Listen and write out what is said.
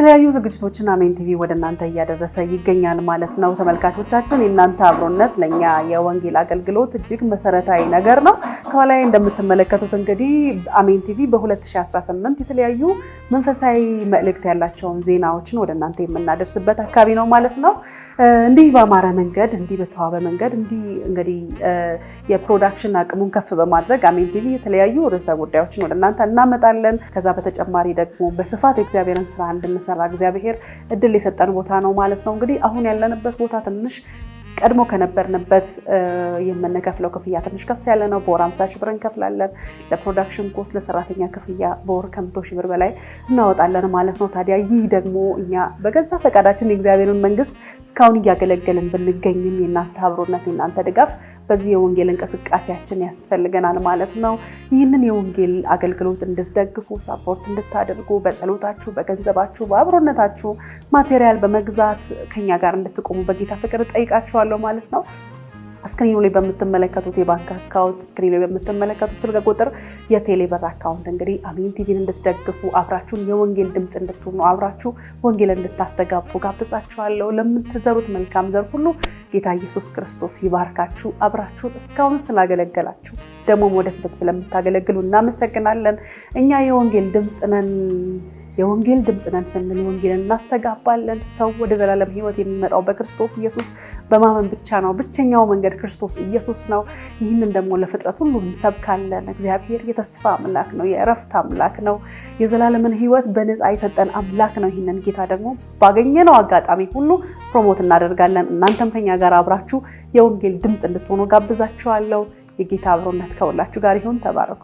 የተለያዩ ዝግጅቶችን አሜን ቲቪ ወደ እናንተ እያደረሰ ይገኛል ማለት ነው። ተመልካቾቻችን የእናንተ አብሮነት ለእኛ የወንጌል አገልግሎት እጅግ መሰረታዊ ነገር ነው። ከኋላይ እንደምትመለከቱት እንግዲህ አሜን ቲቪ በ2018 የተለያዩ መንፈሳዊ መልእክት ያላቸውን ዜናዎችን ወደ እናንተ የምናደርስበት አካባቢ ነው ማለት ነው። እንዲህ በአማረ መንገድ፣ እንዲህ በተዋበ መንገድ፣ እንዲህ እንግዲህ የፕሮዳክሽን አቅሙን ከፍ በማድረግ አሜን ቲቪ የተለያዩ ርዕሰ ጉዳዮችን ወደ እናንተ እናመጣለን። ከዛ በተጨማሪ ደግሞ በስፋት የእግዚአብሔርን ስራ እንድንሰ እንድንሰራ እግዚአብሔር እድል የሰጠን ቦታ ነው ማለት ነው። እንግዲህ አሁን ያለንበት ቦታ ትንሽ ቀድሞ ከነበርንበት የምንከፍለው ክፍያ ትንሽ ከፍ ያለ ነው። በወር አምሳ ሺህ ብር እንከፍላለን። ለፕሮዳክሽን ኮስት ለሰራተኛ ክፍያ በወር ከመቶ ሺህ ብር በላይ እናወጣለን ማለት ነው። ታዲያ ይህ ደግሞ እኛ በገዛ ፈቃዳችን የእግዚአብሔርን መንግስት እስካሁን እያገለገልን ብንገኝም የእናንተ አብሮነት የእናንተ ድጋፍ በዚህ የወንጌል እንቅስቃሴያችን ያስፈልገናል ማለት ነው። ይህንን የወንጌል አገልግሎት እንድትደግፉ ሳፖርት እንድታደርጉ በጸሎታችሁ፣ በገንዘባችሁ፣ በአብሮነታችሁ ማቴሪያል በመግዛት ከኛ ጋር እንድትቆሙ በጌታ ፍቅር ጠይቃችኋለሁ ማለት ነው። እስክሪኑ ላይ በምትመለከቱት የባንክ አካውንት ስክሪኑ ላይ በምትመለከቱት ስልክ ቁጥር የቴሌብር አካውንት እንግዲህ አሜን ቲቪን እንድትደግፉ አብራችሁን የወንጌል ድምፅ እንድትሆኑ አብራችሁ ወንጌል እንድታስተጋቡ ጋብዛችኋለሁ። ለምትዘሩት መልካም ዘር ሁሉ ጌታ ኢየሱስ ክርስቶስ ይባርካችሁ። አብራችሁን እስካሁን ስላገለገላችሁ ደግሞ ወደፊትም ስለምታገለግሉ እናመሰግናለን። እኛ የወንጌል ድምፅ ነን። የወንጌል ድምፅ ነን ስንል ወንጌልን እናስተጋባለን። ሰው ወደ ዘላለም ሕይወት የሚመጣው በክርስቶስ ኢየሱስ በማመን ብቻ ነው። ብቸኛው መንገድ ክርስቶስ ኢየሱስ ነው። ይህንን ደግሞ ለፍጥረት ሁሉ እንሰብካለን። እግዚአብሔር የተስፋ አምላክ ነው። የእረፍት አምላክ ነው። የዘላለምን ሕይወት በነፃ የሰጠን አምላክ ነው። ይህንን ጌታ ደግሞ ባገኘነው አጋጣሚ ሁሉ ፕሮሞት እናደርጋለን። እናንተም ከኛ ጋር አብራችሁ የወንጌል ድምፅ እንድትሆኑ ጋብዛችኋለሁ። የጌታ አብሮነት ከሁላችሁ ጋር ይሁን። ተባረኩ።